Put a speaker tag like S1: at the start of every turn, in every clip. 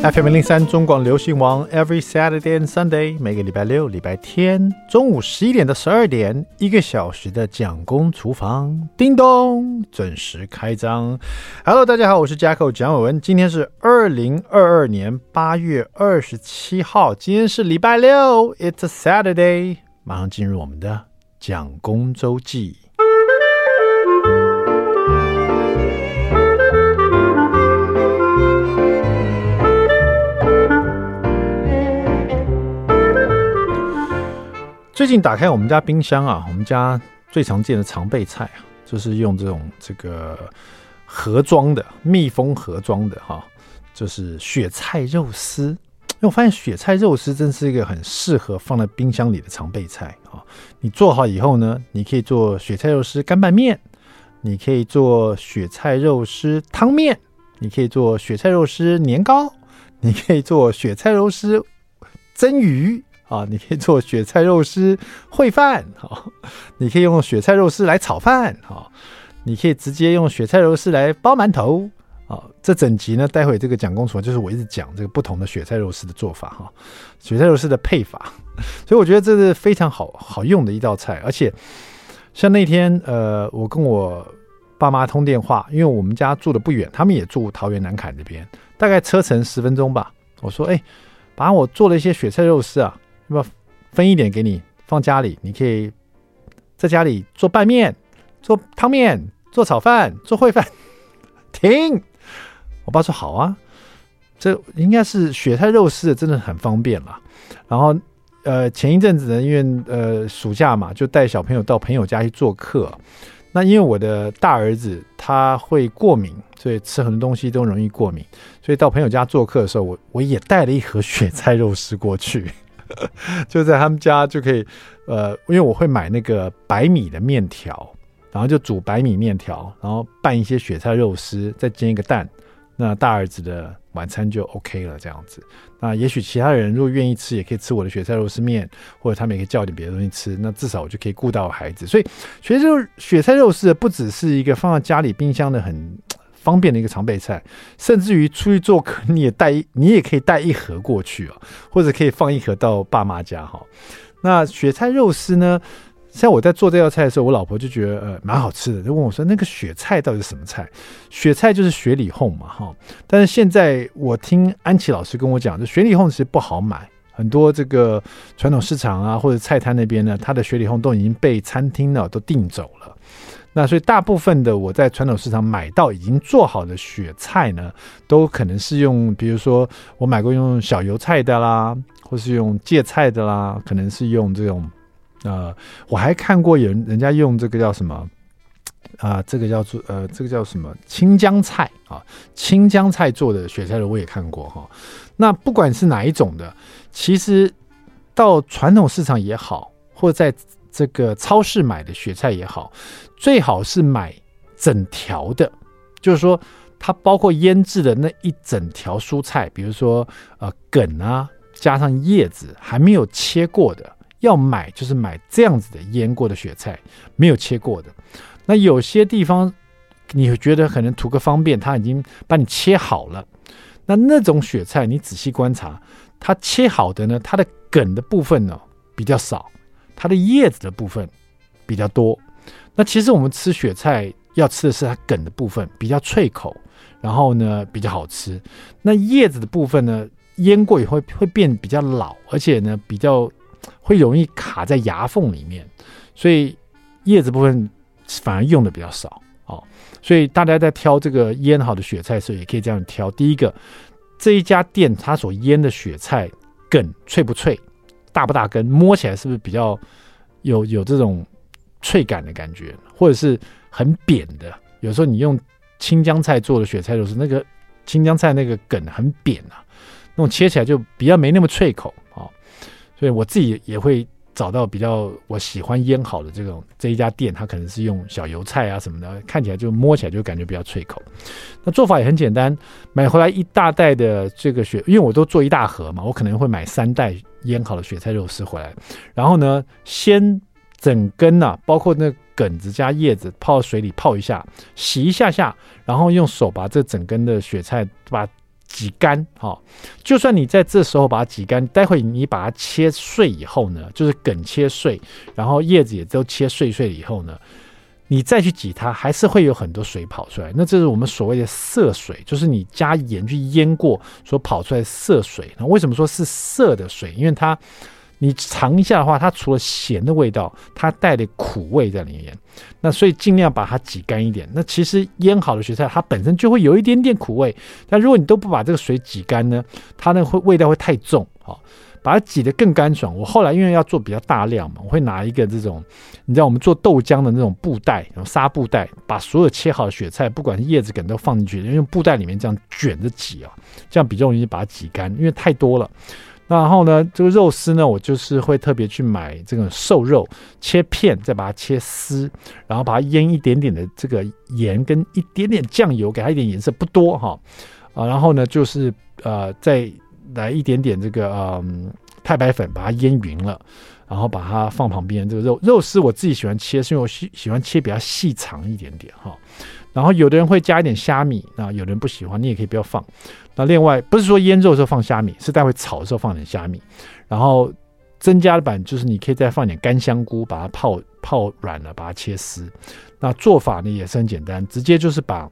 S1: FM 零零三中廣流行王 Every Saturday and Sunday 每個禮拜六禮拜天中午十一點到十二點一個小時的蔣公廚房叮咚準時開張 Hello 大家好，我是 j a c k 蔣偉文，今天是二零二二年八月二十七號，今天是禮拜六，It's a Saturday 馬上進入我們的蔣公周記。最近打開我們家冰箱啊，我們家最常見的常備菜啊，就是用這種這個盒裝的，密封盒裝的哈、啊，就是雪菜肉絲。因為我發現雪菜肉絲真是一個很適合放在冰箱裡的常備菜啊。你做好以後呢，你可以做雪菜肉絲乾拌麵，你可以做雪菜肉絲湯麵，你可以做雪菜肉絲年糕，你可以做雪菜肉絲蒸魚。啊，你可以做雪菜肉絲燴飯，啊、你可以用雪菜肉絲來炒飯，啊、你可以直接用雪菜肉絲來包饅頭啊。這整集呢，待會這個蔣公廚房，就是我一直講這個不同的雪菜肉絲的做法哈、啊，雪菜肉絲的配法，所以我覺得這是非常好好用的一道菜，而且像那天呃，我跟我爸媽通電話，因為我們家住得不遠，他們也住桃園南崁那邊，大概車程十分鐘吧。我說，哎，把我做了一些雪菜肉絲啊。要不，分一點給你放家裡，你可以在家裡做拌麵、做湯麵、做炒飯、做燴飯。停，我爸說好啊，這應該是雪菜肉絲，真的很方便嘛。然後，呃，前一陣子呢，因為呃暑假嘛，就帶小朋友到朋友家去做客。那因為我的大兒子他會過敏，所以吃很多東西都容易過敏。所以到朋友家做客的時候，我我也帶了一盒雪菜肉絲過去。 就在他們家就可以，呃，因為我會買那個白米的麵條，然後就煮白米面條，然後拌一些雪菜肉絲，再煎一個蛋，那大兒子的晚餐就 OK 了。這樣子，那也許其他人如果願意吃，也可以吃我的雪菜肉絲麵，或者他們也可以叫點別的東西吃，那至少我就可以顧到孩子。所以，其實雪菜肉絲不只是一個放在家裡冰箱的很。方便的一個常備菜，甚至於出去做客你也帶一，你也可以帶一盒過去啊，或者可以放一盒到爸媽家哈。那雪菜肉絲呢？像我在做這道菜的時候，我老婆就覺得呃蠻好吃的，就問我說：“那個雪菜到底是什麼菜？”雪菜就是雪裡蕻嘛哈。但是現在我聽安琪老師跟我講，就雪裡蕻其實不好買，很多這個傳統市場啊或者菜攤那邊呢，它的雪裡蕻都已經被餐廳呢都訂走了。那所以，大部分的我在傳統市場買到已經做好的雪菜呢，都可能是用，比如說我買過用小油菜的啦，或是用芥菜的啦，可能是用這種。呃，我還看過有人，人家用這個叫什麼啊、呃？這個叫做呃，這個叫什麼青江菜啊？青江菜做的雪菜的我也看過哈、哦。那不管是哪一種的，其實到傳統市場也好，或在這個超市買的雪菜也好，最好是買整條的，就是說它包括醃製的那一整條蔬菜，比如說呃梗啊，加上葉子還沒有切過的，要買就是買這樣子的醃過的雪菜，沒有切過的。那有些地方你會覺得可能圖個方便，他已經把你切好了，那那種雪菜你仔細觀察，它切好的呢，它的梗的部分呢、哦、比較少，它的葉子的部分比較多。那其實我們吃雪菜要吃的是它梗的部分，比較脆口，然後呢比較好吃。那葉子的部分呢，醃過以後會，會變比較老，而且呢比較會容易卡在牙縫裡面，所以葉子部分反而用的比較少哦。所以大家在挑這個醃好的雪菜的時候，也可以這樣挑：第一個，這一家店它所醃的雪菜梗脆不脆，大不大根，摸起來是不是比較有有這種。脆感的感覺，或者是很扁的。有時候你用青江菜做的雪菜肉絲，那個青江菜那個梗很扁啊，那種切起來就比較沒那麼脆口啊，哦。所以我自己也會找到比較我喜歡醃好的這種這一家店，它可能是用小油菜啊什麼的，看起來就摸起來就感覺比較脆口。那做法也很簡單，買回來一大袋的這個雪，因為我都做一大盒嘛，我可能會買三袋醃好的雪菜肉絲回來，然後呢先。整根吶、啊，包括那梗子加葉子，泡到水裡泡一下，洗一下下，然後用手把這整根的雪菜把它擠乾好、哦，就算你在這時候把它擠乾，待會你把它切碎以後呢，就是梗切碎，然後葉子也都切碎碎了以後呢，你再去擠它，還是會有很多水跑出來。那這是我們所謂的澀水，就是你加鹽去醃過所跑出來澀水。那為什麼說是澀的水？因為它。你嘗一下的話，它除了鹹的味道，它帶的苦味在裡面。那所以盡量把它擠乾一點。那其實醃好的雪菜，它本身就會有一點點苦味。但如果你都不把這個水擠乾呢，它那會味道會太重。好、哦，把它擠得更乾爽。我後來因為要做比較大量嘛，我會拿一個這種，你知道我們做豆漿的那種布袋，那種紗布袋，把所有切好的雪菜，不管是葉子梗都放進去，因為布袋裡面這樣卷着擠啊，這樣比較容易把它擠乾，因為太多了。然後呢，這個肉絲呢，我就是會特別去買這種瘦肉，切片，再把它切絲，然後把它醃一點點的這個鹽跟一點點醬油，給它一點顏色，不多哈，哦，啊，然後呢，就是呃，再來一點點這個嗯，呃，太白粉，把它醃勻了，然後把它放旁邊。這個肉肉絲我自己喜歡切，是因為我喜喜歡切比較細長一點點哈。哦然後有的人會加一點蝦米，那有人不喜歡，你也可以不要放。那另外不是說醃肉的時候放蝦米，是待會炒的時候放點蝦米，然後增加的版就是你可以再放點乾香菇，把它泡泡軟了，把它切絲。那做法呢也是很簡單，直接就是把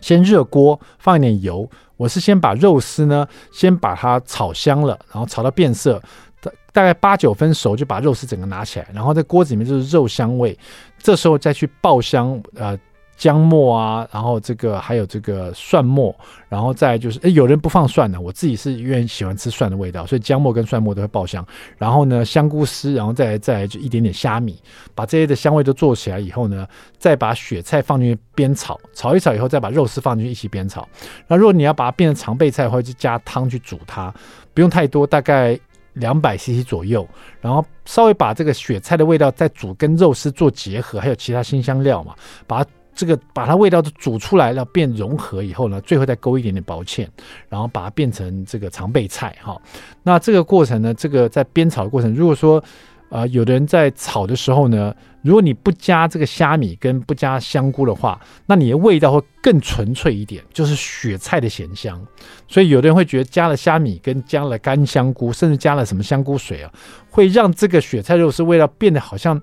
S1: 先熱鍋放一點油，我是先把肉絲呢先把它炒香了，然後炒到變色，大大概八九分熟就把肉絲整個拿起來，然後在鍋子裡面就是肉香味，這時候再去爆香，呃。薑末啊，然後這個還有這個蒜末，然後再就是，哎，有人不放蒜的，我自己是因為喜歡吃蒜的味道，所以薑末跟蒜末都會爆香。然後呢，香菇絲，然後再再就一點點蝦米，把這些的香味都做起來以後呢，再把雪菜放進去煸炒，炒一炒以後，再把肉絲放進去一起煸炒。那如果你要把它變成常備菜的話，或者加湯去煮它，不用太多，大概兩百 CC 左右，然後稍微把這個雪菜的味道再煮跟肉絲做結合，還有其他辛香料嘛，把它。這個把它味道都煮出來了，變融合以後呢，最後再勾一點點薄芡，然後把它變成這個常備菜哈、哦。那這個過程呢，這個在煸炒的過程，如果說呃，有的人在炒的時候呢，如果你不加這個蝦米跟不加香菇的話，那你的味道會更純粹一點，就是雪菜的鹹香。所以有的人會覺得加了蝦米跟加了乾香菇，甚至加了什麼香菇水啊，會讓這個雪菜肉絲味道變得好像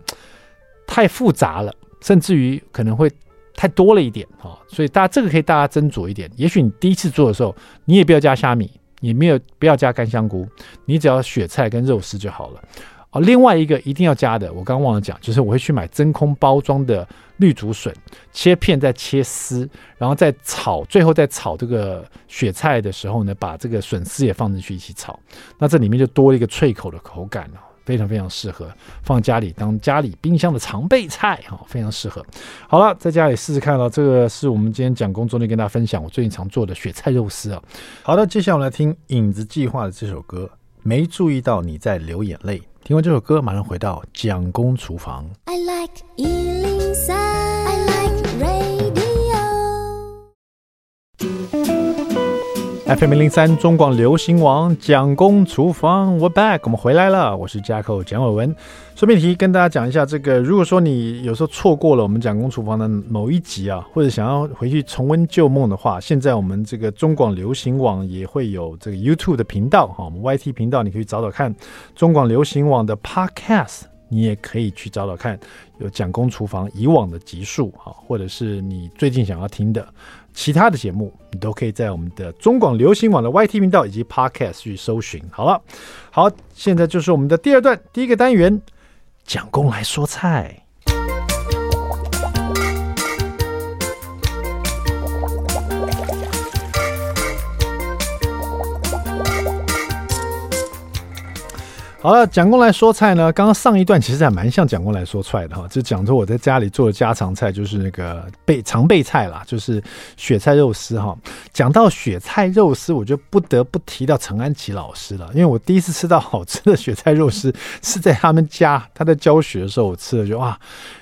S1: 太複雜了，甚至於可能會。太多了一點啊，所以大家這個可以大家斟酌一點。也許你第一次做的時候，你也不要加蝦米，也沒有不要加乾香菇，你只要雪菜跟肉絲就好了。啊，另外一個一定要加的，我剛剛忘了講，就是我會去買真空包裝的綠竹筍，切片再切絲，然後再炒，最後再炒這個雪菜的時候呢，把這個筍絲也放進去一起炒，那這裡面就多了一個脆口的口感了。非常非常適合放家裡，當家裡冰箱的常備菜啊，非常適合。好了，在家裡試試看嘍。這個是我們今天蔣公作的跟大家分享，我最近常做的雪菜肉絲啊。好的，接下來我們來聽《影子計劃》的這首歌，《沒注意到你在流眼淚》。聽完這首歌，馬上回到蔣公廚房。I like FM 零零三中廣流行網蔣公廚房，We're back，我們回來了。我是 Jack 蔣偉文。順便提跟大家講一下，這個如果說你有時候錯過了我們蔣公廚房的某一集啊，或者想要回去重溫舊夢的話，現在我們這個中廣流行網也會有這個 YouTube 的頻道哈、啊，我們 YT 頻道你可以找找看。中廣流行網的 Podcast 你也可以去找找看，有蔣公廚房以往的集數哈、啊，或者是你最近想要聽的。其他的節目，你都可以在我們的中廣流行網的 YT 頻道以及 Podcast 去搜尋。好了，好，現在就是我們的第二段，第一個單元，蔣公來說菜。好了，蔣公來說菜呢。剛剛上一段其實還蠻像蔣公來說出來的哈，就講說我在家裡做的家常菜，就是那個備常備菜啦，就是雪菜肉絲哈。講到雪菜肉絲，我就不得不提到程安琪老師了，因為我第一次吃到好吃的雪菜肉絲是在他們家，他在教學的時候我吃了，就哇，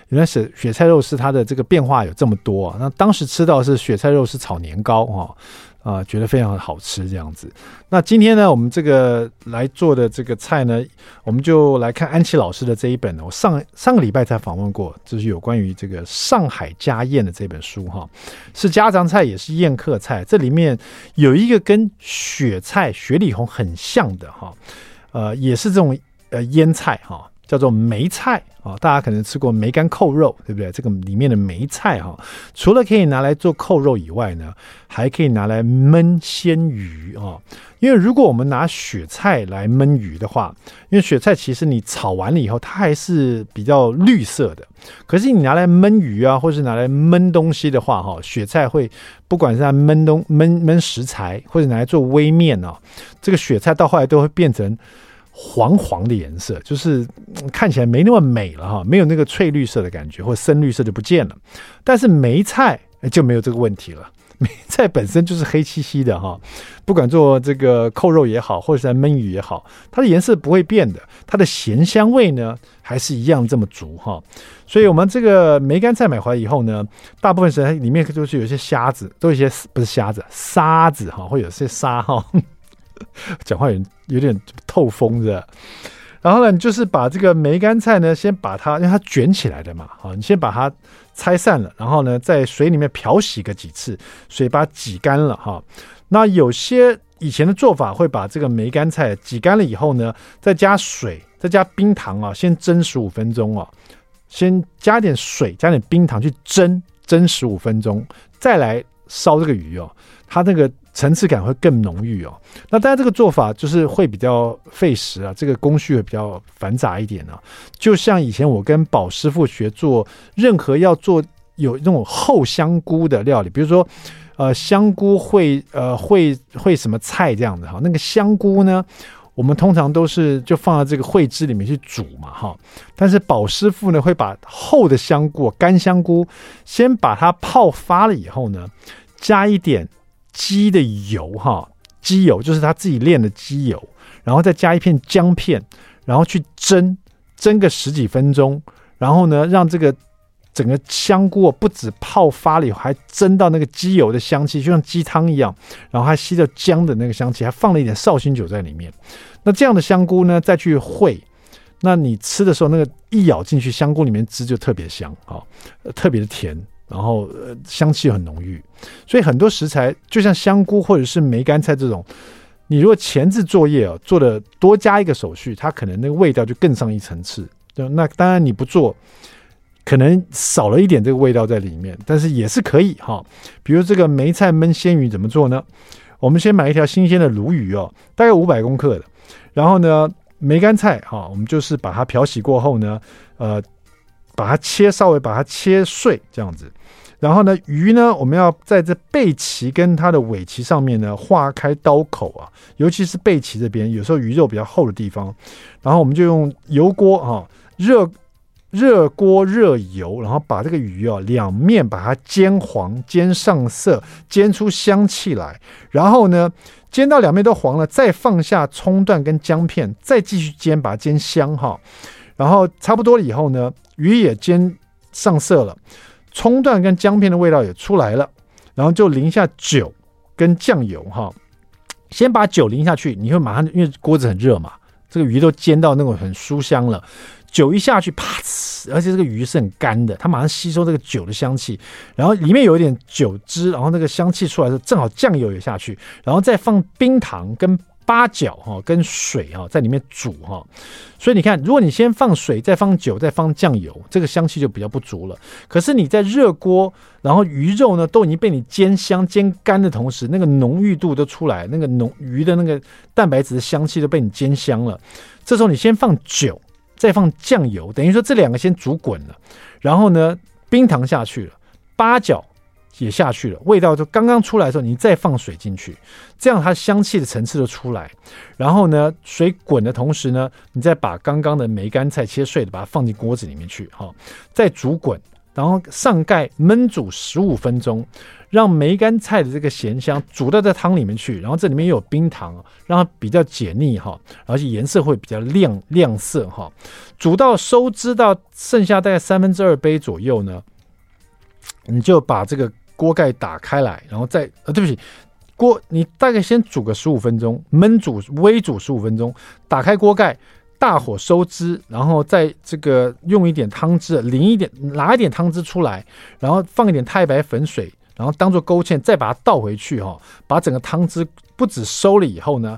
S1: 原來雪雪菜肉絲它的這個變化有這麼多。那當時吃到的是雪菜肉絲炒年糕哈。啊、呃，覺得非常好吃這樣子。那今天呢，我們這個來做的這個菜呢，我們就來看安琪老師的這一本，我上上個禮拜才訪問過，就是有關於這個上海家宴的這本書哈、哦，是家常菜也是宴客菜，這裡面有一個跟雪菜雪裡紅很像的哈、哦，呃，也是這種呃醃菜哈。哦叫做梅菜啊、哦，大家可能吃過梅干扣肉，對不對？這個裡面的梅菜哈、哦，除了可以拿來做扣肉以外呢，還可以拿來燜鮮魚啊、哦。因為如果我們拿雪菜來燜魚的話，因為雪菜其實你炒完了以後它還是比較綠色的，可是你拿來燜魚啊，或是拿來燜東西的話哈、哦，雪菜會不管是在燜東燜燜食材，或者拿來做煨麵啊、哦，這個雪菜到後來都會變成。黃黃的顏色，就是看起來沒那麼美了哈，沒有那個翠綠色的感覺，或深綠色就不見了。但是梅菜就沒有這個問題了，梅菜本身就是黑漆漆的哈，不管做這個扣肉也好，或者是燜魚也好，它的顏色不會變的，它的鹹香味呢還是一樣這麼足哈。所以我們這個梅乾菜買回來以後呢，大部分時候裡面就是有些蝦子，都有一些不是蝦子，沙子哈，會有些沙哈。講話有人。有點透風的，然後呢，你就是把這個梅乾菜呢，先把它讓它捲起來的嘛，好，你先把它拆散了，然後呢，在水裡面漂洗個幾次，水把它擠乾了哈、啊。那有些以前的做法會把這個梅乾菜擠乾了以後呢，再加水，再加冰糖啊，先蒸十五分鐘啊，先加點水，加點冰糖去蒸，蒸十五分鐘，再來。燒這個魚哦，它那個層次感會更濃郁哦。那大家這個做法就是會比較費時啊，這個工序會比較繁雜一點啊。就像以前我跟寶師傅學做任何要做有那種厚香菇的料理，比如說，呃，香菇燴呃燴燴什麼菜這樣子哈。那個香菇呢？我們通常都是就放到這個燴汁裡面去煮嘛，哈。但是寶師傅呢，會把厚的香菇、乾香菇，先把它泡發了以後呢，加一點雞的油，哈，雞油就是他自己煉的雞油，然後再加一片薑片，然後去蒸，蒸個十幾分鐘，然後呢，讓這個。整個香菇不止泡發了以後，還蒸到那個雞油的香氣，就像雞湯一樣，然後還吸到薑的那個香氣，還放了一點紹興酒在裡面。那這樣的香菇呢，再去燴，那你吃的時候，那個一咬進去，香菇裡面汁就特別香啊、哦呃，特別的甜，然後呃香氣很濃郁。所以很多食材，就像香菇或者是梅乾菜這種，你如果前置作業哦，做的多加一個手續，它可能那個味道就更上一層次。對，那當然你不做。可能少了一點這個味道在裡面，但是也是可以哈。比如這個梅菜燜鮮魚怎麼做呢？我們先買一條新鮮的鱸魚哦，大概五百公克的。然後呢，梅乾菜哈，我們就是把它漂洗過後呢，呃，把它切稍微把它切碎這樣子。然後呢，魚呢，我們要在這背鰭跟它的尾鰭上面呢劃開刀口啊，尤其是背鰭這邊，有時候魚肉比較厚的地方。然後我們就用油鍋啊熱。熱鍋熱油，然後把這個魚啊、哦、兩面把它煎黃、煎上色、煎出香氣來。然後呢，煎到兩面都黃了，再放下蔥段跟薑片，再繼續煎，把它煎香哈、哦。然後差不多了以後呢，魚也煎上色了，蔥段跟薑片的味道也出來了，然後就淋下酒跟醬油哈、哦。先把酒淋下去，你會馬上因為鍋子很熱嘛，這個魚都煎到那種很酥香了。酒一下去，啪！而且這個魚是很乾的，它馬上吸收這個酒的香氣，然後裡面有一點酒汁，然後那個香氣出來的時候，正好醬油也下去，然後再放冰糖跟八角哈、哦，跟水哈、哦、在裡面煮哈、哦。所以你看，如果你先放水，再放酒，再放醬油，這個香氣就比較不足了。可是你在熱鍋，然後魚肉呢都已經被你煎香、煎乾的同時，那個濃郁度都出來，那個濃魚的那個蛋白質的香氣都被你煎香了。這時候你先放酒。再放醬油，等於說這兩個先煮滾了，然後呢，冰糖下去了，八角也下去了，味道就剛剛出來的時候，你再放水進去，這樣它香氣的層次就出來。然後呢，水滾的同時呢，你再把剛剛的梅乾菜切碎的，把它放進鍋子裡面去，哈、哦，再煮滾。然後上蓋燜煮十五分鐘，讓梅乾菜的這個鹹香煮到在湯裡面去。然後這裡面又有冰糖，讓它比較解膩哈，而且顏色會比較亮亮色哈。煮到收汁到剩下大概三分之二杯左右呢，你就把這個鍋蓋打開來，然後再呃、哦，對不起，鍋你大概先煮個十五分鐘，燜煮微煮十五分鐘，打開鍋蓋。大火收汁，然後再這個用一點湯汁淋一點，拿一點湯汁出來，然後放一點太白粉水，然後當做勾芡，再把它倒回去哈、哦，把整個湯汁不止收了以後呢，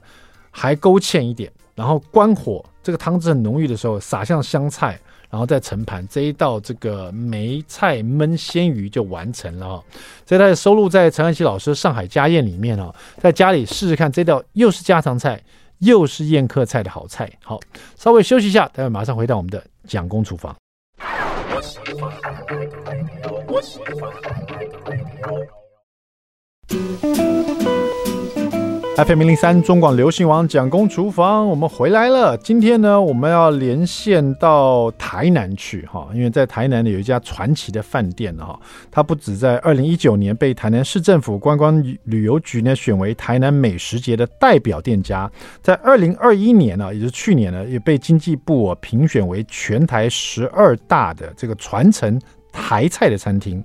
S1: 還勾芡一點，然後關火，這個湯汁很濃郁的時候，撒上香菜，然後再盛盤，這一道這個梅菜燜鮮魚就完成了哈、哦。這道收錄在陳安琪老師《上海家宴》裡面哦，在家裡試試看，這道又是家常菜。又是宴客菜的好菜，好，稍微休息一下，待會馬上回到我們的蔣公廚房。 FM 零零三中廣流行網蔣公廚房，我們回來了。今天呢，我們要連線到台南去哈，因為在台南呢有一家傳奇的飯店哈，它不止在二零一九年被台南市政府觀光旅遊局呢選為台南美食節的代表店家，在二零二一年呢，也就是去年呢，也被經濟部評選為全台十二大的這個傳承台菜的餐廳。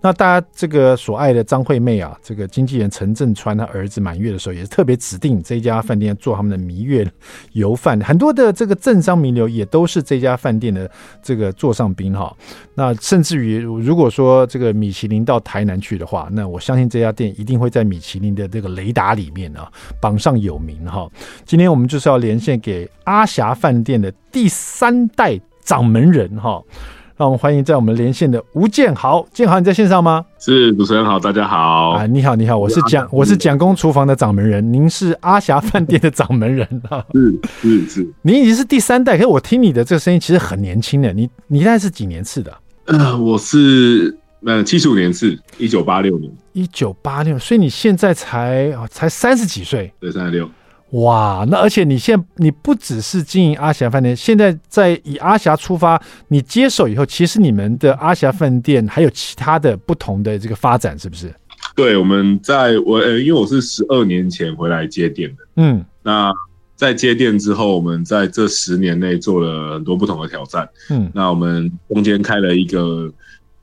S1: 那大家這個所愛的張惠妹啊，這個經紀人陳鎮川他兒子滿月的時候，也是特別指定這家飯店做他們的彌月油飯。很多的這個政商名流也都是這家飯店的這個座上賓哈。那甚至於如果說這個米其林到台南去的話，那我相信這家店一定會在米其林的這個雷達裡面啊榜上有名哈。今天我們就是要連線給阿霞飯店的第三代掌門人哈。那我們歡迎在我們連線的吳健豪。健豪，你在線上嗎？
S2: 是主持人好，大家好啊！你
S1: 好，你好，我是蔣、啊，我是蔣公廚房的掌門人。嗯、您是阿霞飯店的掌門人。是是是，您已經是第三代，可是我聽你的這個聲音，其實很年輕的。你你現在是幾年次的？
S2: 呃，我是呃七十五年次，一九八六年，
S1: 一九八六，所以你現在才、哦、才三十幾歲？
S2: 對，三十六。
S1: 哇，那而且你現在你不只是經營阿霞飯店，現在在以阿霞出發，你接手以後，其實你們的阿霞飯店還有其他的不同的這個發展，是不是？
S2: 對，我們在我因為我是十二年前回來接店的，嗯，那在接店之後，我們在這十年內做了很多不同的挑戰，嗯，那我們中間開了一個。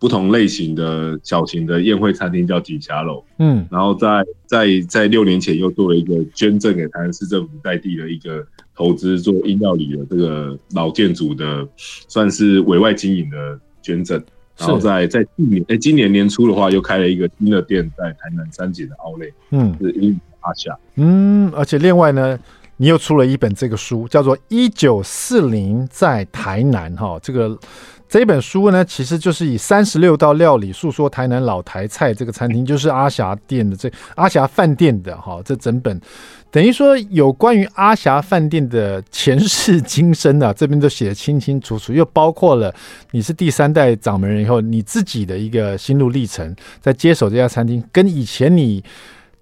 S2: 不同類型的小型的宴會餐廳叫錦霞樓，嗯，然後在在在六年前又做了一個捐贈給台南市政府在地的一個投資做英料理的這個老建築的，算是委外經營的捐贈，然後在在去年、欸、今年年初的話又開了一個新的店在台南三井的 outlet，嗯，是英阿霞，
S1: 嗯，而且另外呢，你又出了一本這個書叫做《一九四零在台南》哈，這個。這本書呢，其實就是以三十六道料理訴說台南老台菜這個餐廳，就是阿霞店的這阿霞飯店的哈，這整本等於說有關於阿霞飯店的前世今生啊，這邊都寫得清清楚楚，又包括了你是第三代掌門人以後你自己的一個心路歷程，在接手這家餐廳，跟以前你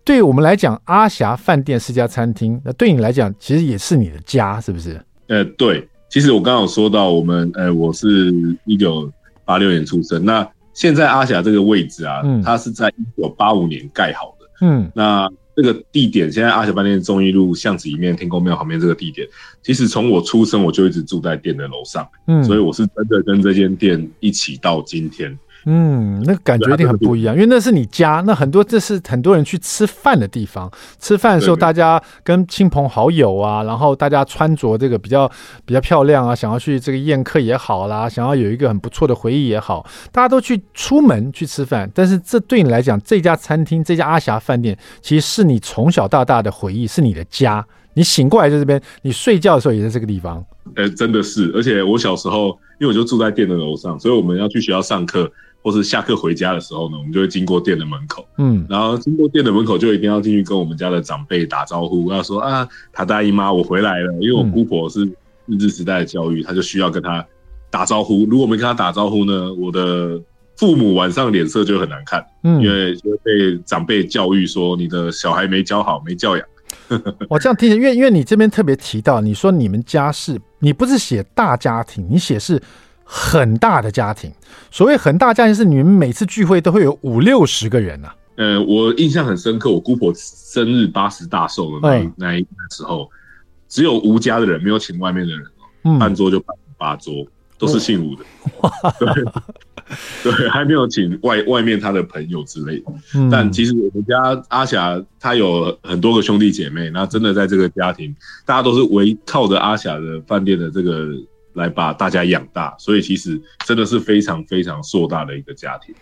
S1: 對我們來講，阿霞飯店是家餐廳，那對你來講，其實也是你的家，是不是？
S2: 呃，對。其實我剛有說到，我們，呃，我是一九八六年出生。那現在阿霞這個位置啊，嗯、它是在一九八五年蓋好的。嗯，那這個地點，現在阿霞飯店忠義路巷子裡面，天公廟旁邊這個地點，其實從我出生我就一直住在店的樓上。嗯，所以我是真的跟這間店一起到今天。
S1: 嗯，那個感覺一定很不一樣，因為那是你家，那很多這是很多人去吃飯的地方。吃飯的時候，大家跟親朋好友啊，然後大家穿着這個比較比較漂亮啊，想要去這個宴客也好啦，想要有一個很不錯的回憶也好，大家都去出門去吃飯。但是這對你來講，這家餐廳，這家阿霞飯店，其實是你從小到大的回憶，是你的家。你醒過來在這邊，你睡覺的時候也在這個地方。
S2: 誒、欸，真的是，而且我小時候，因為我就住在店的樓上，所以我們要去學校上課。或是下課回家的時候呢，我們就會經過店的門口，嗯，然後經過店的門口就一定要進去跟我們家的長輩打招呼，要說啊，他大姨媽我回來了，因為我姑婆是日治時代的教育，嗯，他就需要跟他打招呼。如果沒跟他打招呼呢，我的父母晚上臉色就很難看，嗯，因為就會被長輩教育說，你的小孩沒教好，沒教養。
S1: 我、哦、這樣提醒， 因為因為你這邊特別提到，你說你們家是，你不是寫大家庭，你寫是。很大的家庭，所謂很大家庭是你們每次聚會都會有五六十個人呢？啊
S2: 呃。我印象很深刻，我姑婆生日八十大壽的那那一個時候，只有吳家的人，沒有請外面的人哦，辦、嗯、桌就八桌，都是姓吳的、嗯，對， 對，還沒有請外外面他的朋友之類的。嗯、但其實我們家阿霞她有很多個兄弟姐妹，那真的在這個家庭，大家都是圍靠着阿霞的飯店的這個。來把大家養大，所以其實真的是非常非常碩大的一個家庭。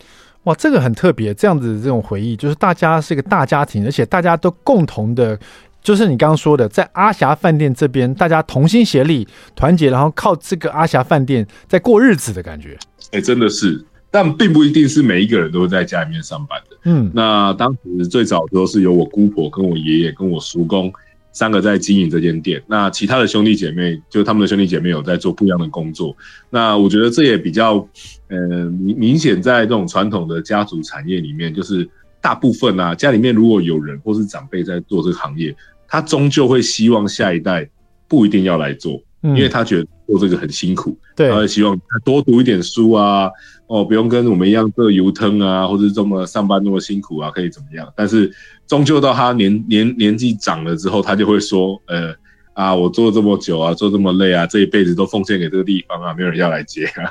S1: 哇，這個很特別，這樣子的這種回憶，就是大家是一個大家庭，而且大家都共同的，就是你剛剛說的，在阿霞飯店這邊，大家同心協力、團結，然後靠這個阿霞飯店在過日子的感覺。
S2: 哎、欸，真的是，但並不一定是每一個人都在家裡面上班的。嗯，那當時最早都是由我姑婆跟我爺爺跟我叔公。三個在經營這間店，那其他的兄弟姐妹就他們的兄弟姐妹有在做不一樣的工作。那我覺得這也比較，嗯、呃，明顯在這種傳統的家族產業裡面，就是大部分啊，家裡面如果有人或是長輩在做這個行業，他終究會希望下一代不一定要來做，嗯、因為他覺得做這個很辛苦，對，他會希望多讀一點書啊，哦，不用跟我們一樣做油湯啊，或者這麼上班那麼辛苦啊，可以怎麼樣？但是。終究到他年年年紀長了之後，他就會說：“呃啊，我做這麼久啊，做這麼累啊，這一輩子都奉獻給這個地方啊，沒有人要來接
S1: 啊。”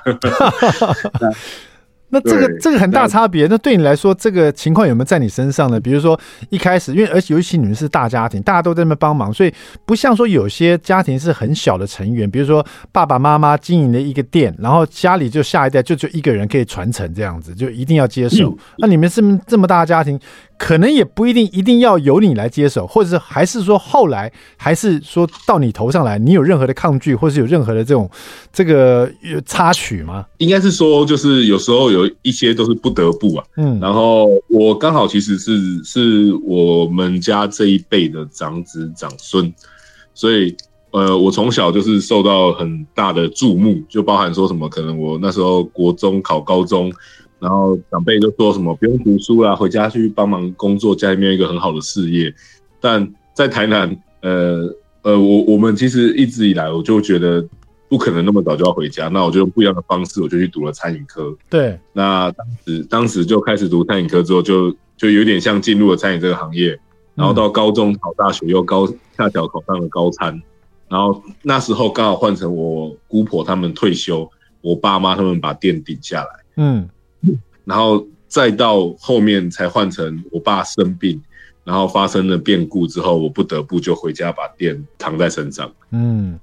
S1: 那，那這個這個很大差別那。那對你來說，這個情況有沒有在你身上呢？比如說一開始，因為而且尤其你們是大家庭，大家都在那邊幫忙，所以不像說有些家庭是很小的成員，比如說爸爸媽媽經營的一個店，然後家裡就下一代就就一個人可以傳承這樣子，就一定要接受。嗯，那你們是這麼大的家庭。可能也不一定，一定要由你來接手，或者是還是說後來還是說到你頭上來，你有任何的抗拒，或是有任何的這種這個插曲嗎？
S2: 應該是說，就是有時候有一些都是不得不啊。嗯，然後我剛好其實是、是我們家這一輩的長子長孫，所以呃，我從小就是受到很大的注目，就包含說什麼，可能我那時候國中考高中。然後長輩就說什麼不用讀書啦，回家去幫忙工作，家裡面有一個很好的事業。但在台南，呃呃，我我們其實一直以來我就覺得不可能那麼早就要回家，那我就用不一樣的方式，我就去讀了餐飲科。對，那當時當時就開始讀餐飲科之後就，就就有點像進入了餐飲這個行業。然後到高中考大學又高，嗯、恰巧，考上了高餐。然後那時候剛好換成我姑婆他們退休，我爸媽他們把店頂下來。嗯。然後再到後面才換成我爸生病，然後發生了變故之後，我不得不就回家把店扛在身上。嗯。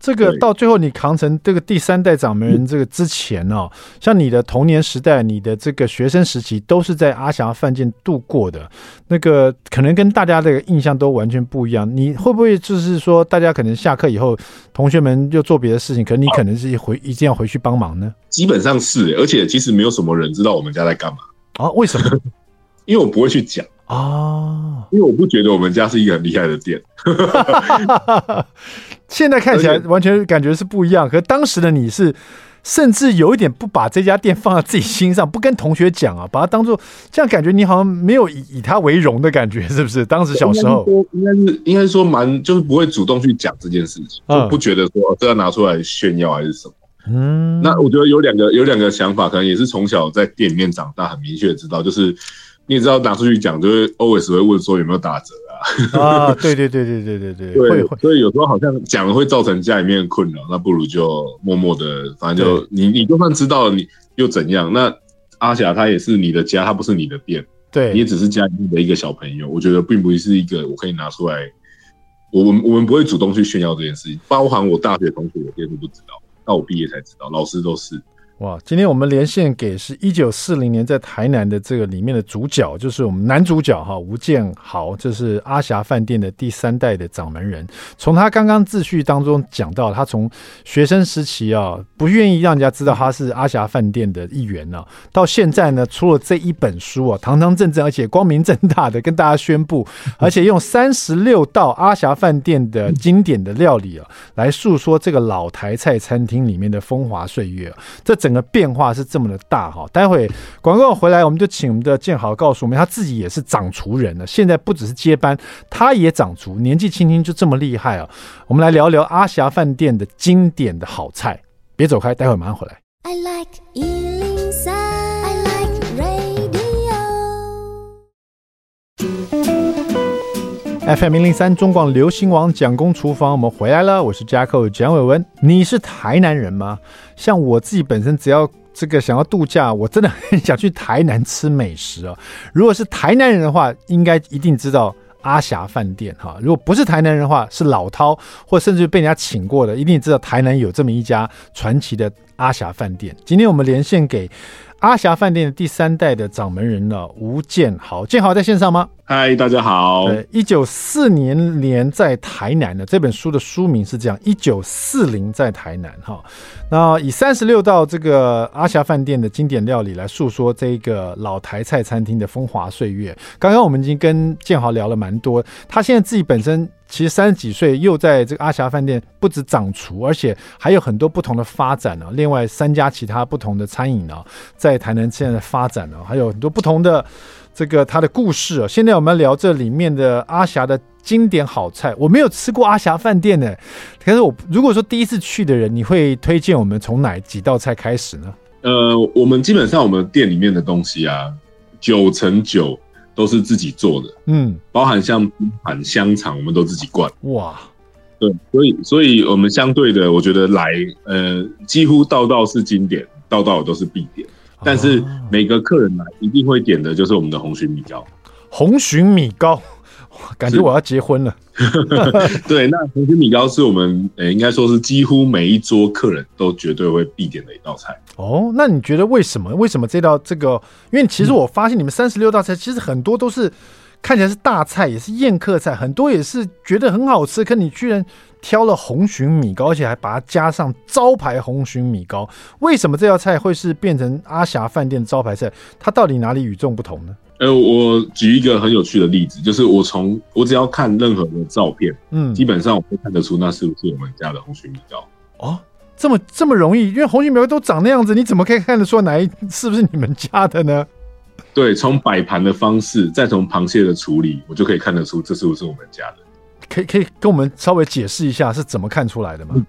S1: 這個到最後你扛成這個第三代掌門人，這個之前哦，像你的童年時代、你的這個學生時期，都是在阿霞飯店度過的。那個可能跟大家的印象都完全不一樣。你會不會就是說，大家可能下課以後，同學們又做別的事情，可能你可能是回一定要回去幫忙呢？
S2: 基本上是、欸，而且其實沒有什麼人知道我們家在幹嘛啊？為什麼？ 因為我不會去講啊，因為我不覺得我們家是一個很厲害的店。
S1: 現在看起來完全感覺是不一樣，可當時的你是，甚至有一點不把這家店放在自己心上，不跟同學講啊，把它當做這樣，感覺你好像沒有以以他為榮的感覺，是不是？當時小時候應該
S2: 是，應該說蠻就是不會主動去講這件事情，啊，就不覺得說這要拿出來炫耀還是什麼。嗯，那我覺得有兩個有兩個想法，可能也是從小在店裡面長大，很明確知道就是。你也知道拿出去講，就是 always 會問說有沒有打折啊？啊，對對對
S1: 對對對 對，會會。所以有時候好
S2: 像講了會造成家裡面的困擾，那不如就默默的，反正就你你就算知道了，你又怎樣？那阿霞她也是你的家，她不是你的店，對你也只是家裡面的一個小朋友。我覺得並不是一個我可以拿出來，我們我們不會主動去炫耀這件事情。包含我大學同學，我也是不知道，到我畢業才知道，老師都是。
S1: 哇，今天我們連線給是一九四零年在台南的這個裡面的主角，就是我們男主角哈吳健豪，這、就是阿霞飯店的第三代的掌門人。從他剛剛自序當中講到，他從學生時期啊，不願意讓人家知道他是阿霞飯店的一員呢、啊，到現在呢，出了這一本書啊，堂堂正正而且光明正大的跟大家宣布，而且用三十六道阿霞飯店的經典的料理啊，來訴說這個老台菜餐廳裡面的風華歲月，這整。整個變化是這麼的大哈，待會廣告回來，我們就請我們的健豪告訴我們，他自己也是掌廚人了。現在不只是接班，他也掌廚，年紀輕輕就這麼厲害啊！我們來聊聊阿霞飯店的經典的好菜，別走開，待會馬上回來。I like you。FM 一零三中廣流行網蔣公廚房，我們回來了，我是嘉客蔣偉文。你是台南人嗎？像我自己本身，只要這個想要度假，我真的很想去台南吃美食哦。如果是台南人的話，應該一定知道阿霞飯店哈。如果不是台南人的話，是老饕或甚至被人家請過的，一定知道台南有這麼一家傳奇的阿霞飯店。今天我們連線給。阿霞飯店的第三代的掌門人了，吳健豪，健豪在線上嗎？
S2: 嗨，大家好。呃，
S1: 一九四零年在台南的這本書的書名是這樣，一九四零在台南哈。那以三十六道這個阿霞飯店的經典料理來訴說這個老台菜餐廳的風華歲月。剛剛我們已經跟健豪聊了蠻多，他現在自己本身。其實三十幾歲又在這個阿霞飯店不止掌廚，而且還有很多不同的發展呢、啊。另外三家其他不同的餐飲呢、啊，在台南現在的發展呢、啊，還有很多不同的這個他的故事、啊。現在我們要聊這裡面的阿霞的經典好菜，我沒有吃過阿霞飯店的、欸，可是我如果說第一次去的人，你會推薦我們從哪幾道菜開始呢？
S2: 呃，我們基本上我們店裡面的東西啊，九成九。都是自己做的，嗯，包含像盤香腸，我們都自己灌。哇，對，所以，所以我們相對的，我覺得來，呃，幾乎道道是經典，道道都是必點、啊，但是每個客人來一定會點的就是我們的紅蟳米糕，
S1: 紅蟳米糕。感覺我要結婚了。
S2: 對，那紅蟳米糕是我們呃、欸，應該說是幾乎每一桌客人都絕對會必點的一道菜。
S1: 哦，那你覺得為什麼？為什麼這道這個？因為其實我發現你們三十六道菜，嗯，其實很多都是看起來是大菜，也是宴客菜，很多也是覺得很好吃。可你居然挑了紅蟳米糕，而且還把它加上招牌紅蟳米糕。為什麼這道菜會是變成阿霞飯店招牌菜？它到底哪裡與眾不同呢？
S2: 呃，我舉一個很有趣的例子，就是我從我只要看任何的照片，嗯，基本上我會看得出那是不是我們家的紅蟳米糕。
S1: 哦，這麼這麼容易？因為紅蟳米糕都長那樣子，你怎麼可以看得出哪一是不是你們家的呢？
S2: 對，從擺盤的方式，再從螃蟹的處理，我就可以看得出這是不是我們家的。
S1: 可以可以跟我們稍微解釋一下是怎麼看出來的嗎？嗯、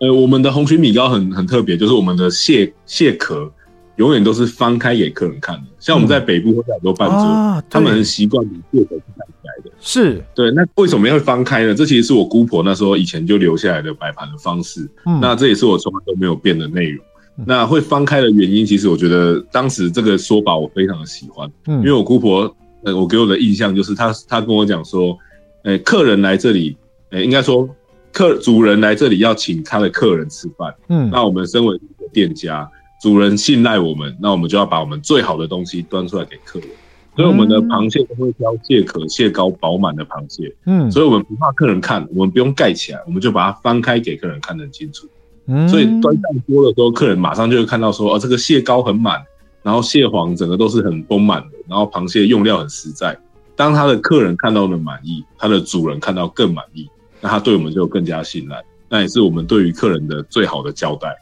S2: 呃，我們的紅蟳米糕很很特別，就是我們的蟹蟹殼。永遠都是翻開給客人看的，像我們在北部會有很多辦桌，他們很習慣以右手是擺起來的。是，對。那為什麼會翻開呢？這其實是我姑婆那時候以前就留下來的擺盤的方式、嗯。那這也是我從來都沒有變的內容、嗯。那會翻開的原因，其實我覺得當時這個說法我非常的喜歡，嗯、因為我姑婆，呃，我給我的印象就是他，她跟我講說、欸，客人來這裡，呃、欸，應該說客主人來這裡要請他的客人吃飯。嗯，那我們身為一個店家。主人信賴我們，那我們就要把我們最好的東西端出來給客人。所以我們的螃蟹都會挑蟹殼、蟹膏飽滿的螃蟹。嗯，所以我們不怕客人看，我們不用蓋起來，我們就把它翻開給客人看得很清楚。嗯，所以端上桌的時候，客人馬上就會看到說：“哦，這個蟹膏很滿，然後蟹黃整個都是很豐滿的，然後螃蟹用料很實在。”當他的客人看到了滿意，他的主人看到更滿意，那他對我們就更加信賴。那也是我們對於客人的最好的交代。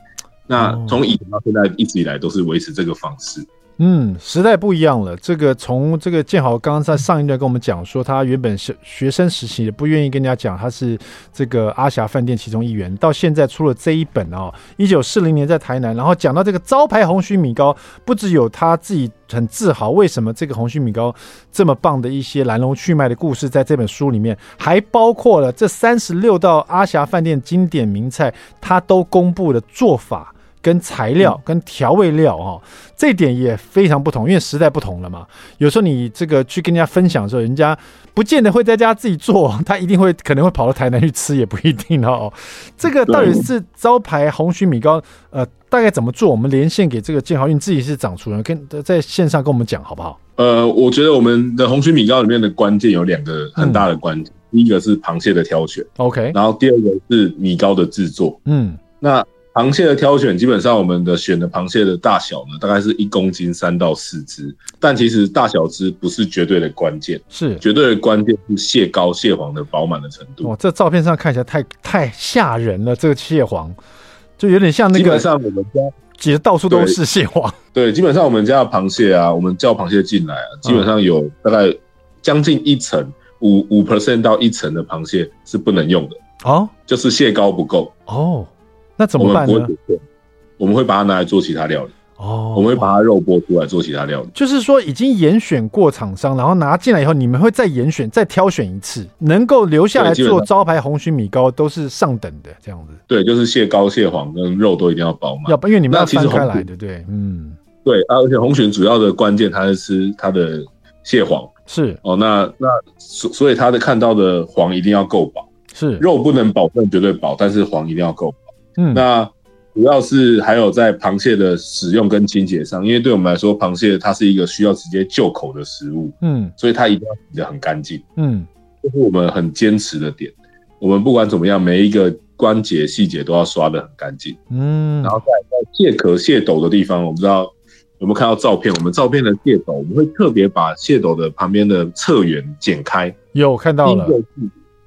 S2: 那從以前到現在一直以來都是維持這個方式。
S1: 嗯，時代不一樣了。這個從這個健豪剛剛在上一段跟我們講說，他原本是學生時期的不願意跟人家講他是這個阿霞飯店其中一員，到現在出了這一本哦，一九四零年在台南，然後講到這個招牌紅蟳米糕，不只有他自己很自豪，為什麼這個紅蟳米糕這麼棒的一些來龍去脈的故事，在這本書裡面還包括了這三十六道阿霞飯店經典名菜，他都公布的做法。跟材料、跟調味料啊、哦嗯，這一點也非常不同，因為時代不同了嘛。有時候你這個去跟人家分享的時候，人家不見得會在家自己做，他一定會可能會跑到台南去吃，也不一定哦。這個到底是招牌紅蟳米糕，呃，大概怎麼做？我們連線給這個建豪，因為你自己是掌廚人，跟在線上跟我們講好不好？
S2: 呃，我覺得我們的紅蟳米糕裡面的關鍵有兩個很大的關，第、嗯、一個是螃蟹的挑選，OK，然後第二個是米糕的制作，嗯，那。螃蟹的挑選，基本上我們的選的螃蟹的大小呢，大概是一公斤三到四隻。但其實大小只不是絕對的關鍵，是絕對的關鍵是蟹膏、蟹黃的飽滿的程
S1: 度。哇，這照片上看起來太太嚇人了，這個蟹黃就有點像那個。基本上我們家
S2: 其實到處都是蟹黃，對。對，基本上我們家的螃蟹啊，我們叫螃蟹進來啊、嗯，基本上有大概將近一成五五 percent 到一成的螃蟹是不能用的哦、啊，就是蟹膏不夠
S1: 哦。那怎麼辦呢？我們，
S2: 我們會把它拿來做其他料理哦。我們會把它肉剝出來做其他料理。
S1: 就是說，已經嚴選過廠商，然後拿進來以後，你們會再嚴選，再挑選一次，能夠留下來做招牌紅蟳米糕都是上等的這樣子
S2: 對。對，就是蟹膏、蟹黃跟肉都一定要飽滿。要
S1: 不，因為你們那其實來的對對，嗯對，
S2: 對、啊、而且紅蟳主要的關鍵，它是吃它的蟹黃是哦。那那所所以，它的看到的黃一定要夠飽，是肉不能保證絕對飽，但是黃一定要夠。嗯，那主要是還有在螃蟹的使用跟清潔上，因為對我們來說，螃蟹它是一個需要直接就口的食物，嗯，所以它一定要洗得很乾淨，嗯，這、就是我們很堅持的點。我們不管怎麼樣，每一個關節細節都要刷得很乾淨，嗯，然後再在蟹殼蟹斗的地方，我不知道有沒有看到照片。我們照片的蟹斗，我們會特別把蟹斗的旁邊的側緣剪開，
S1: 有看到了第一個。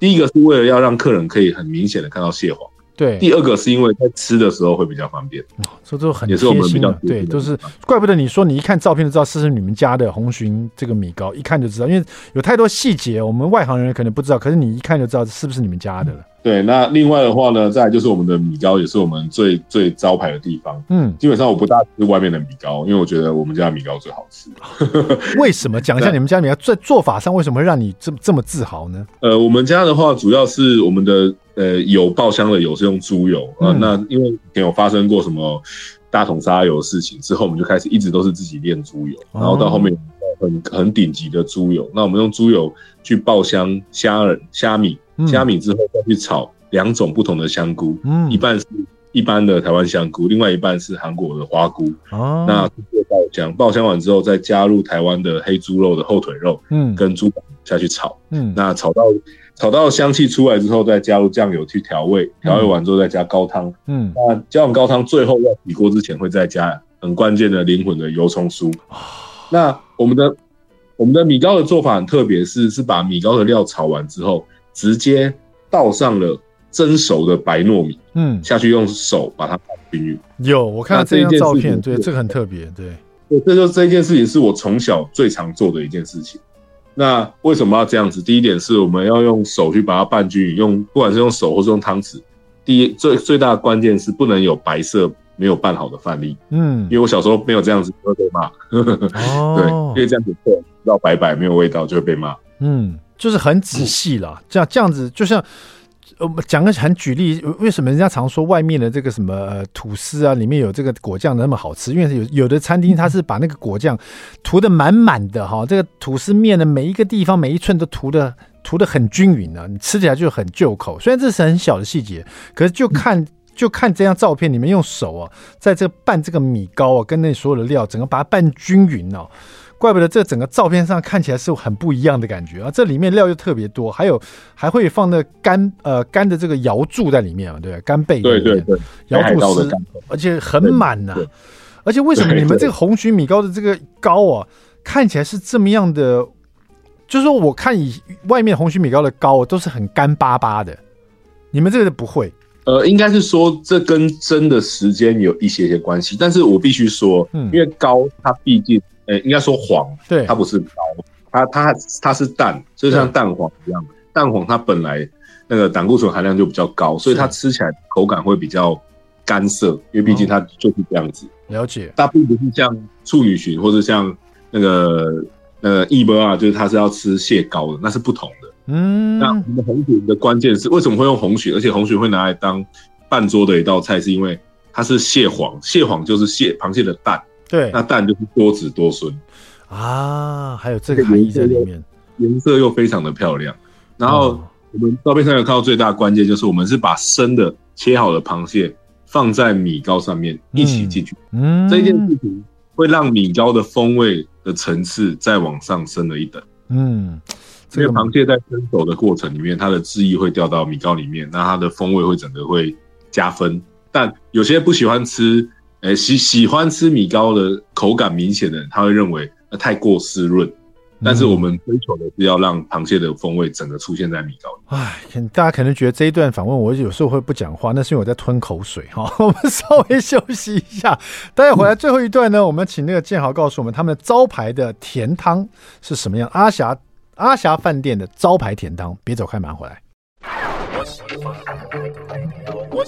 S2: 第一個是為了要讓客人可以很明顯的看到蟹黃。對，第二個是因為在吃的
S1: 時候會比較方便，所以這個很貼心，心的。對，對，就是怪不得你說，你一看照片就知道是不是你們家的紅蟳，這個米糕，一看就知道，因為有太多細節，我們外行人可能不知道，可是你一看就知道是不是你們家的了。嗯
S2: 對，那另外的話呢，再來就是我們的米糕也是我們最最招牌的地方。嗯，基本上我不大吃外面的米糕，因為我覺得我們家的米糕最好吃
S1: 了。為什麼？講 一下你們家米糕在做法上為什麼會讓你這麼這麼自豪呢？
S2: 呃，我們家的話，主要是我們的呃油爆香的油是用豬油。嗯，呃、那因為前有發生過什麼大桶沙油的事情之後，我們就開始一直都是自己煉豬油、哦，然後到後面很很頂級的豬油。那我們用豬油去爆香蝦仁、蝦米。加米之後再去炒兩種不同的香菇，嗯，一半是一般的台灣香菇，另外一半是韓國的花菇。哦，那爆香，爆香完之後再加入台灣的黑豬肉的後腿肉，嗯，跟豬板下去炒，嗯，那炒到炒到香氣出來之後，再加入醬油去調味，調味完之後再加高湯，嗯，那加完高湯最後要起鍋之前會再加很關鍵的靈魂的油蔥酥。哦，那我們的我們的米糕的做法很特別，是是把米糕的料炒完之後。直接倒上了蒸熟的白糯米，嗯，下去用手把它拌均勻。
S1: 有，我看到這張照片，對，對，這個很特別，對，
S2: 對，這就這件事情是我從小最常做的一件事情。那為什麼要這樣子？第一點是，我們要用手去把它拌均勻，用不管是用手或是用湯匙。第一，最最大的關鍵是不能有白色沒有拌好的飯粒，嗯，因為我小時候沒有這樣子，就會被罵。哦、 對，因為這樣子做，不知道白白沒有味道就會被罵。
S1: 嗯。就是很仔細了，這樣這樣子，就像呃講個很舉例，為什麼人家常說外面的這個什麼吐司啊，裡面有這個果醬的那麼好吃？因為有有的餐廳他是把那個果醬塗的滿滿的哈、哦，這個吐司麵的每一個地方每一寸都塗的塗的很均勻呢、啊，你吃起來就很入口。雖然這是很小的細節，可是就看就看這張照片，你們用手啊，在這拌這個米糕啊，跟那所有的料，整個把它拌均勻哦、啊。怪不得這整個照片上看起來是很不一樣的感覺啊！這裡面料又特別多，還有還會放那乾呃乾的這個瑤柱在裡面啊，對，干貝對對對，瑤柱絲，而且很滿吶、啊。對對對，而且為什麼你們這個紅蟳米糕的這個糕啊，對對對，看起來是這麼樣的？就是說我看以外面紅蟳米糕的糕都是很乾巴巴的，你們這個不會？
S2: 呃，應該是說這跟蒸的時間有一些些關係，但是我必須說、嗯，因為糕它畢竟。誒，應該說黃，對，它不是膏，它它它是蛋，就像蛋黃一樣。蛋黃它本來那個膽固醇含量就比較高，所以它吃起來口感會比較乾澀，因為畢竟它就是這樣子。
S1: 哦，了解。
S2: 它並不是像處女蟳或者像那個呃 e r 啊，就是它是要吃蟹膏的，那是不同的。
S1: 嗯。那我們紅蟳
S2: 的關鍵是為什麼會用紅蟳，而且紅蟳會拿來當辦桌的一道菜，是因為它是蟹黃，蟹黃就是蟹螃蟹的蛋。對，那蛋就是多子多孫
S1: 啊，還有這個含義在裡面。
S2: 顏色，顏色又非常的漂亮。然後我們照片上有看到最大的關鍵就是，我們是把生的切好的螃蟹放在米糕上面一起進去。嗯，這一件事情會讓米糕的風味的層次再往上升了一等。嗯，因為螃蟹在蒸煮的過程裡面，它的汁液會掉到米糕裡面，那它的風味會整個會加分。但有些不喜歡吃。哎、欸，喜喜歡吃米糕的口感明顯的人，他會認為那、呃、太過濕潤。但是我們追求的是要讓螃蟹的風味整個出現在米糕
S1: 裡。哎，大家可能覺得這一段訪問我有時候會不講話，那是因為我在吞口水哈。我們稍微休息一下，待會回來最後一段呢，嗯、我們請那個健豪告訴我們他們招牌的甜湯是什麼樣。阿霞，阿霞飯店的招牌甜湯，別走開，馬上回來。我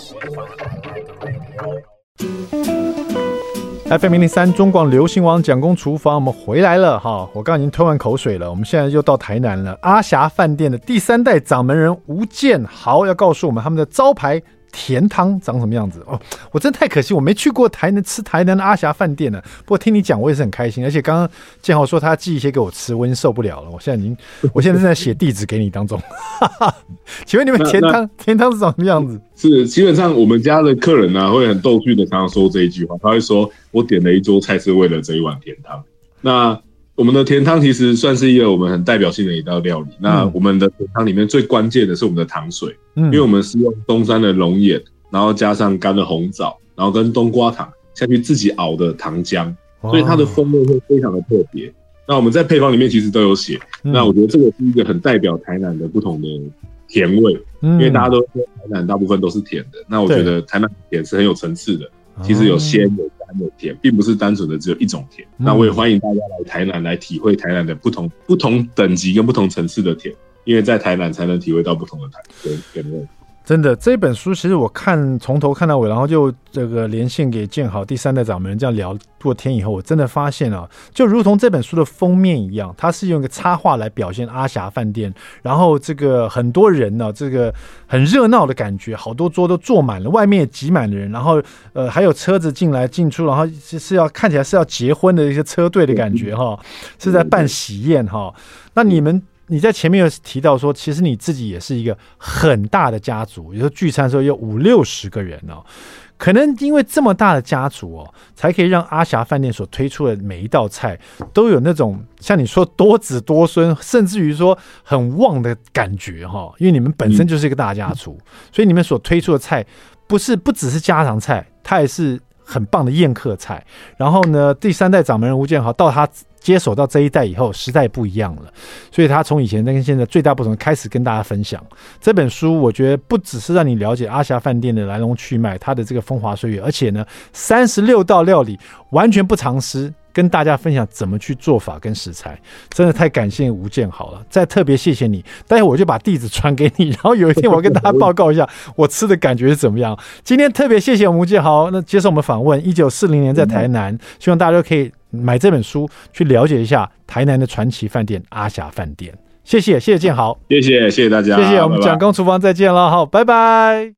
S1: F.M. 零三中廣流行網，蔣公廚房，我們回來了哈！我剛已經吞完口水了，我們現在又到台南了。阿霞飯店的第三代掌門人吳健豪要告訴我們他們的招牌。甜湯長什麼樣子？哦，我真的太可惜，我沒去過台南吃台南的阿霞飯店了。不過聽你講，我也是很開心。而且剛剛健豪說他寄一些給我吃，我已經受不了了。我現在已經，我現在正在寫地址給你當中。
S2: 請問你們甜湯
S1: 甜湯是長什麼樣子？
S2: 是基本上我們家的客人呢、啊，會很逗趣的常常說這一句話，他會說：“我點了一桌菜是為了這一碗甜湯。”那。我們的甜湯其實算是一個我們很代表性的一道料理。嗯、那我們的甜湯裡面最關鍵的是我們的糖水，嗯、因為我們是用東山的龍眼，然後加上乾的紅棗，然後跟冬瓜糖，下去自己熬的糖漿，所以它的風味會非常的特別。那我們在配方裡面其實都有寫、嗯。那我覺得這個是一個很代表台南的不同的甜味、嗯，因為大家都說台南大部分都是甜的，那我覺得台南甜是很有層次的。其實有鮮、有甘的甜，並不是單純的只有一種甜、嗯。那我也歡迎大家來台南來體會台南的不同、不同等級跟不同層次的甜，因為在台南才能體會到不同的台甜甜味。
S1: 真的，這本書其實我看從頭看到尾，然後就這個連線給建豪、第三代掌門人這樣聊過天以後，我真的發現啊，就如同這本書的封面一樣，它是用一個插畫來表現阿霞飯店，然後這個很多人呢，啊，這個很熱鬧的感覺，好多桌都坐滿了，外面也擠滿了人，然後呃還有車子進來進出，然後是要看起來是要結婚的一些車隊的感覺哈，嗯，是在辦喜宴哈，嗯嗯。那你們？你在前面有提到說，其實你自己也是一個很大的家族，有時候聚餐的時候有五六十個人哦，可能因為這麼大的家族哦，才可以讓阿霞飯店所推出的每一道菜都有那種像你說多子多孫，甚至於說很旺的感覺哈、哦，因為你們本身就是一個大家族，所以你們所推出的菜不是不只是家常菜，它也是很棒的宴客菜。然後呢，第三代掌門人吳健豪到他。接手到這一代以後，時代不一樣了，所以他從以前跟現在最大不同開始跟大家分享這本書。我覺得不只是讓你了解阿霞飯店的來龍去脈、它的這個風華歲月，而且呢，三十六道料理完全不藏私，跟大家分享怎麼去做法跟食材，真的太感謝吳建豪了。再特別謝謝你，待會我就把地址傳給你，然後有一天我跟大家報告一下我吃的感覺是怎麼樣。 今天特別謝謝吳建豪，那接受我們訪問，一九四零年在台南，嗯、希望大家都可以買這本書去了解一下台南的傳奇飯店阿霞飯店，謝謝謝謝建豪，
S2: 謝謝謝謝大家，謝謝拜拜，我們蔣公
S1: 廚房再見了，好，拜拜。